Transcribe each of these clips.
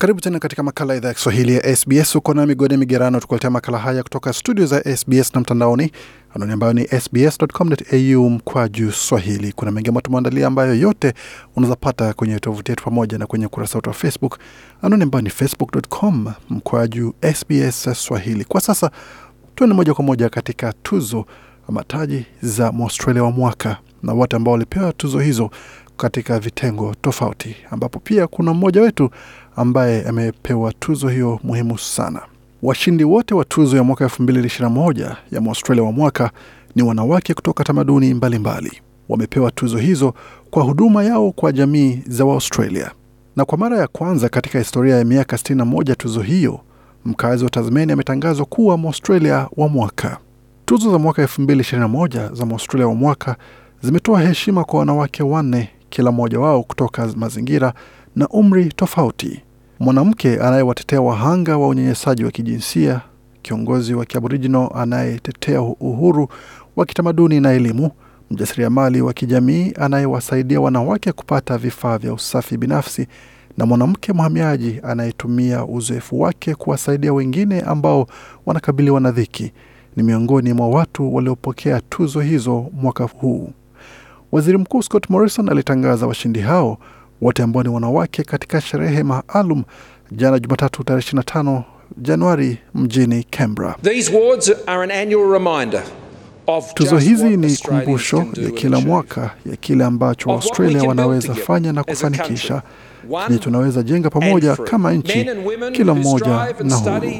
Karibu tena katika makala idhaa ya Kiswahili ya SBS. Uko na Migode Migerano tukuletea makala haya kutoka studio za SBS na mtandaoni, anwani ambayo ni sbs.com.au juu swahili. Kuna mengi ambayo tumeandalia, ambayo yote unaweza pata kwenye tovuti yetu pamoja na kwenye ukurasa wetu wa Facebook, anwani ambayo ni facebook.com juu SBS swahili. Kwa sasa tuende moja kwa moja katika tuzo ama taji za Mwaustralia wa mwaka na wote ambao walipewa tuzo hizo katika vitengo tofauti, ambapo pia kuna mmoja wetu ambaye amepewa tuzo hiyo muhimu sana. Washindi wote wa tuzo ya mwaka 2021 ya Mwaustralia wa mwaka ni wanawake kutoka tamaduni mbalimbali mbali. Wamepewa tuzo hizo kwa huduma yao kwa jamii za Waaustralia, na kwa mara ya kwanza katika historia ya miaka 61 tuzo hiyo, mkazi wa Tasmania ametangazwa kuwa Mwaustralia wa mwaka. Tuzo za mwaka 2021 za Mwaustralia wa mwaka zimetoa heshima kwa wanawake wanne kila mmoja wao kutoka mazingira na umri tofauti. Mwanamke anayewatetea wahanga wa unyanyasaji wa kijinsia, kiongozi wa kiaborijino anayetetea uhuru wa kitamaduni na elimu, mjasiriamali wa kijamii anayewasaidia wanawake kupata vifaa vya usafi binafsi, na mwanamke mhamiaji anayetumia uzoefu wake kuwasaidia wengine ambao wanakabiliwa na dhiki, ni miongoni mwa watu waliopokea tuzo hizo mwaka huu. Waziri Mkuu Scott Morrison alitangaza washindi hao wote ambao ni wanawake katika sherehe maalum jana Jumatatu tarehe 25 Januari mjini Canberra. Tuzo hizi ni kumbusho ya kila mwaka ya kile ambacho Waustralia wanaweza fanya na kufanikisha, kile tunaweza jenga pamoja kama nchi, kila mmoja na huru,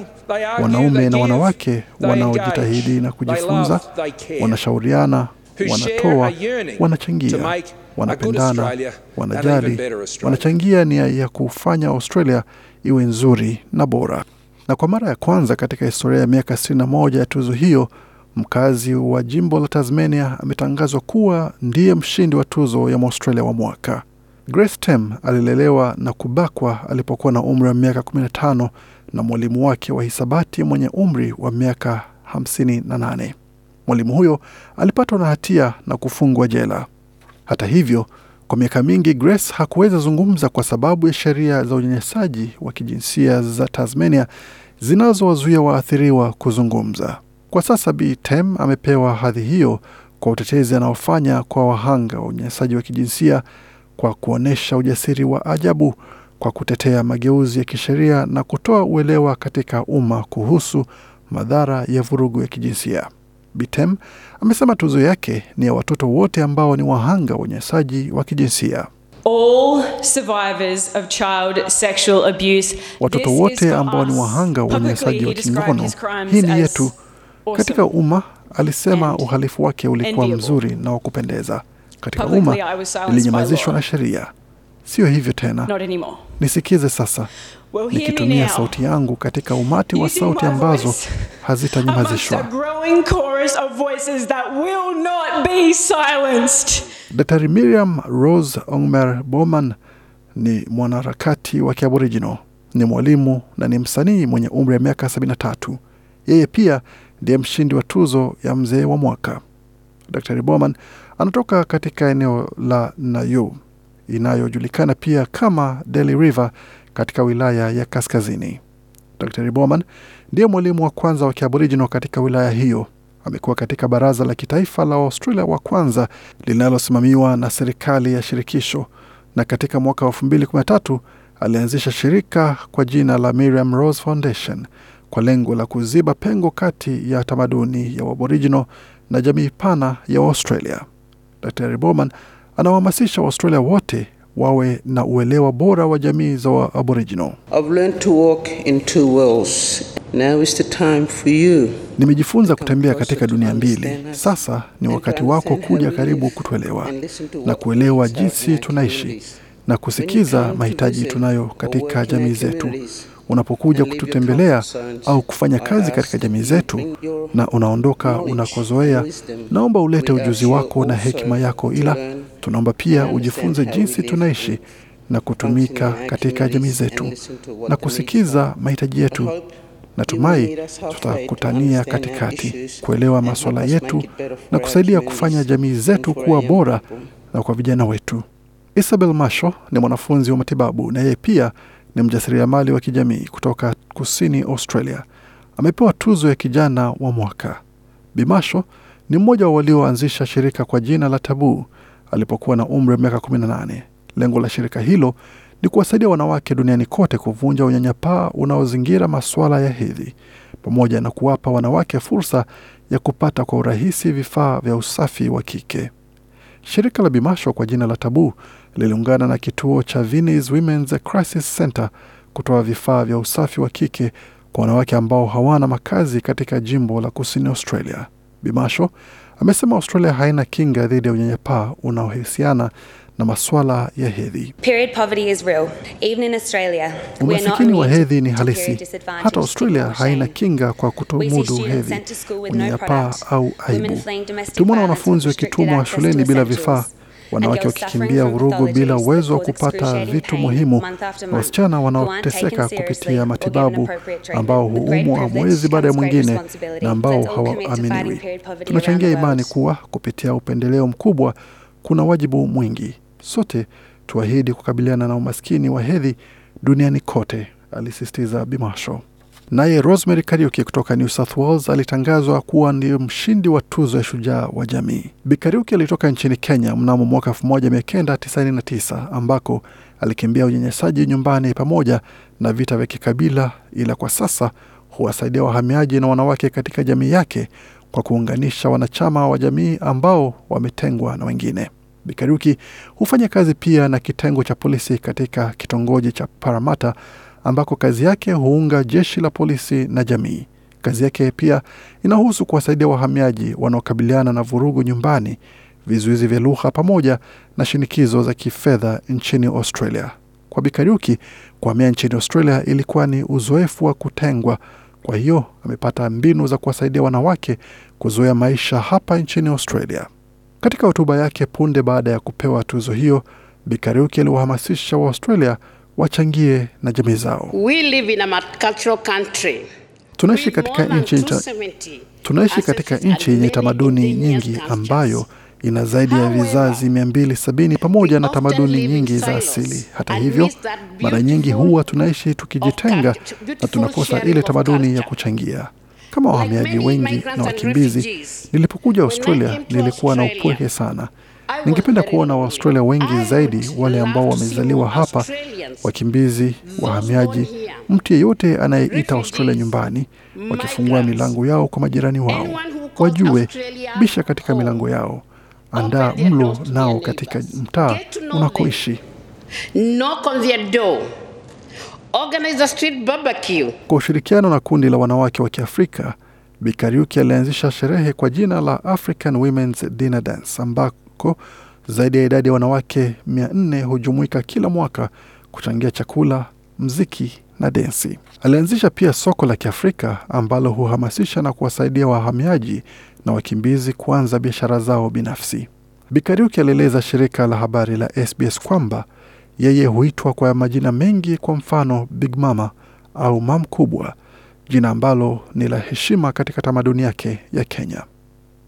wanaume na wanawake wanaojitahidi na kujifunza, wanashauriana wanatoa, wanachangia, wanapendana, wanajali, wanachangia nia ya kufanya Australia iwe nzuri na bora. Na kwa mara ya kwanza katika historia ya miaka 61 ya tuzo hiyo, mkazi wa jimbo la Tasmania ametangazwa kuwa ndiye mshindi wa tuzo ya Mwaustralia wa mwaka. Grace Tem alilelewa na kubakwa alipokuwa na umri wa miaka 15 na mwalimu wake wa hisabati mwenye umri wa miaka 58 mwalimu huyo alipatwa na hatia na kufungwa jela. Hata hivyo, kwa miaka mingi Grace hakuweza zungumza kwa sababu ya sheria za unyanyasaji wa kijinsia za Tasmania zinazowazuia waathiriwa kuzungumza. Kwa sasa Bi Tem amepewa hadhi hiyo kwa utetezi anaofanya kwa wahanga wa unyanyasaji wa kijinsia kwa kuonyesha ujasiri wa ajabu kwa kutetea mageuzi ya kisheria na kutoa uelewa katika umma kuhusu madhara ya vurugu ya kijinsia. Bitem amesema tuzo yake ni ya watoto wote ambao ni wahanga wa unyanyasaji wa kijinsia. All survivors of child sexual abuse. Watoto wote ambao ni wahanga wa unyanyasaji wa kingono, hii ni yetu. Katika umma alisema uhalifu wake ulikuwa mzuri na wa kupendeza. Katika umma ilinyamazishwa na sheria. Sio hivyo tena, nisikize sasa well, nikitumia sauti yangu katika umati wa sauti ambazo hazitanyamazishwa chorus of voices that will not be silenced. Dr. Miriam Rose Ongmer Bowman ni mwanaharakati wa Kiaboriginal, ni mwalimu na ni msanii mwenye umri wa miaka 73. Yeye pia ndiye mshindi wa tuzo ya mzee wa mwaka. Dr. Bowman anatoka katika eneo la Nayo inayojulikana pia kama Deli River katika wilaya ya Kaskazini. Dr. Bowman ndiye mwalimu wa kwanza wa Kiaboriginal katika wilaya hiyo amekuwa katika baraza la kitaifa la Waustralia wa kwanza linalosimamiwa na serikali ya shirikisho, na katika mwaka wa 2013 alianzisha shirika kwa jina la Miriam Rose Foundation kwa lengo la kuziba pengo kati ya tamaduni ya Aboriginal na jamii pana ya Australia. Dr Bowman anawahamasisha Waustralia wote wawe na uelewa bora wa jamii za Aboriginal. Nimejifunza kutembea katika dunia mbili. Sasa ni wakati wako kuja karibu, kutuelewa na kuelewa jinsi tunaishi na kusikiza mahitaji tunayo katika jamii zetu. Unapokuja kututembelea au kufanya kazi katika jamii zetu na unaondoka unakozoea, naomba ulete ujuzi wako na hekima yako, ila tunaomba pia ujifunze jinsi tunaishi na kutumika katika jamii zetu na kusikiza mahitaji yetu Natumai tutakutania katikati kuelewa masuala yetu na kusaidia kufanya jamii zetu kuwa bora na kwa vijana wetu. Isabel Masho ni mwanafunzi wa matibabu na yeye pia ni mjasiriamali wa kijamii kutoka kusini Australia. Amepewa tuzo ya kijana wa mwaka. Bimasho ni mmoja wa walioanzisha shirika kwa jina la Tabuu alipokuwa na umri wa miaka 18. Lengo la shirika hilo ni kuwasaidia wanawake duniani kote kuvunja unyanyapaa unaozingira masuala ya hedhi pamoja na kuwapa wanawake fursa ya kupata kwa urahisi vifaa vya usafi wa kike. Shirika la Bimasho kwa jina la Tabu liliungana na kituo cha Vinnie's Women's Crisis Center kutoa vifaa vya usafi wa kike kwa wanawake ambao hawana makazi katika jimbo la kusini Australia. Bimasho amesema Australia haina kinga dhidi ya unyanyapaa unaohisiana na masuala ya hedhi. Umasikini wa hedhi ni halisi, hata Australia haina kinga kwa kutomudu hedhi, unyanyapaa au aibu. Tumeona wanafunzi wakitumwa shuleni bila vifaa wanawake wakikimbia vurugu bila uwezo wa kupata vitu muhimu, na wasichana wanaoteseka kupitia matibabu, ambao huumwa mwezi baada ya mwingine na ambao hawaaminiwi. Tunachangia imani kuwa kupitia upendeleo mkubwa kuna wajibu mwingi sote tuahidi kukabiliana na umaskini wa hedhi duniani kote, alisisitiza Bimasho. Naye Rosemary Kariuki kutoka New South Wales alitangazwa kuwa ndiyo mshindi wa tuzo ya shujaa wa jamii. Bikariuki alitoka nchini Kenya mnamo mwaka 1999 ambako alikimbia unyanyasaji nyumbani pamoja na vita vya kikabila, ila kwa sasa huwasaidia wahamiaji na wanawake katika jamii yake kwa kuunganisha wanachama wa jamii ambao wametengwa na wengine. Bikaruki hufanya kazi pia na kitengo cha polisi katika kitongoji cha Paramata ambako kazi yake huunga jeshi la polisi na jamii. Kazi yake pia inahusu kuwasaidia wahamiaji wanaokabiliana na vurugu nyumbani, vizuizi vya lugha, pamoja na shinikizo za kifedha nchini Australia. Kwa Bikariuki, kuhamia nchini Australia ilikuwa ni uzoefu wa kutengwa. Kwa hiyo amepata mbinu za kuwasaidia wanawake kuzoea maisha hapa nchini Australia. Katika hotuba yake punde baada ya kupewa tuzo hiyo, bikariuki aliwahamasisha aliwahamasisha Waaustralia wachangie na jamii zao. Tunaishi katika nchi tunaishi katika nchi yenye tamaduni nyingi ambayo ina zaidi ya vizazi 270 pamoja na tamaduni nyingi za asili. Hata hivyo, mara nyingi huwa tunaishi tukijitenga na tunakosa ile tamaduni ya kuchangia kama wahamiaji wengi na wakimbizi. Nilipokuja Australia nilikuwa na upwehe sana. Ningependa kuona Waaustralia wengi zaidi, wale ambao wamezaliwa hapa, wakimbizi, wahamiaji, mtu yeyote anayeita Australia nyumbani, wakifungua milango yao kwa majirani wao, wajue bisha katika milango yao, andaa mlo nao katika mtaa unakoishi. Knock on their door. Organize a street barbecue. Kwa ushirikiano na kundi la wanawake wa Kiafrika, Bikariuki alianzisha sherehe kwa jina la African Women's Dinner Dance ambako zaidi ya idadi ya wanawake 4 hujumuika kila mwaka kuchangia chakula, mziki na densi. Alianzisha pia soko la Kiafrika ambalo huhamasisha na kuwasaidia wahamiaji na wakimbizi kuanza biashara zao binafsi. Bikariuki alieleza shirika la habari la SBS kwamba yeye huitwa kwa majina mengi, kwa mfano Big Mama au Mam Kubwa, jina ambalo ni la heshima katika tamaduni yake ya Kenya.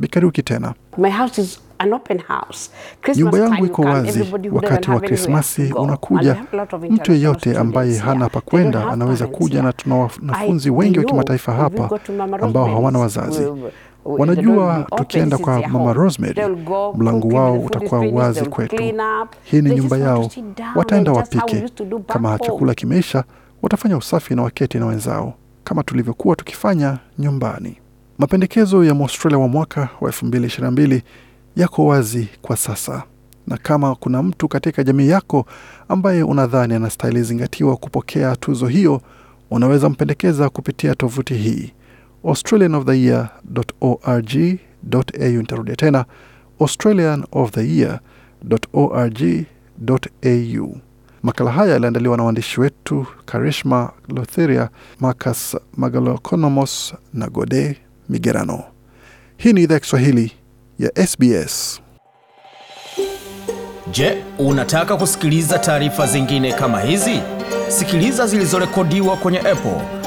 bikariuki tena Nyumba yangu iko wazi wakati wa Krismasi unakuja, mtu yeyote ambaye hana pa kwenda anaweza kuja, na tuna wanafunzi wengi wa kimataifa hapa ambao hawana wazazi. Wanajua tukienda kwa mama Rosemary, mlango wao utakuwa wazi kwetu. Hii ni nyumba yao, wataenda wapike. Kama chakula kimeisha, watafanya usafi na waketi na wenzao, kama tulivyokuwa tukifanya nyumbani. Mapendekezo ya Mwaustralia wa mwaka wa 2022 yako wazi kwa sasa, na kama kuna mtu katika jamii yako ambaye unadhani anastahili zingatiwa kupokea tuzo hiyo, unaweza mpendekeza kupitia tovuti hii australianoftheyear.org.au. Nitarudia tena australianoftheyear.org.au. Makala haya yaliandaliwa na waandishi wetu Karishma Lotheria, Marcus Magalokonomos na Gode Migerano. Hii ni idhaa ya Kiswahili ya SBS. Je, unataka kusikiliza taarifa zingine kama hizi? Sikiliza zilizorekodiwa kwenye Apple,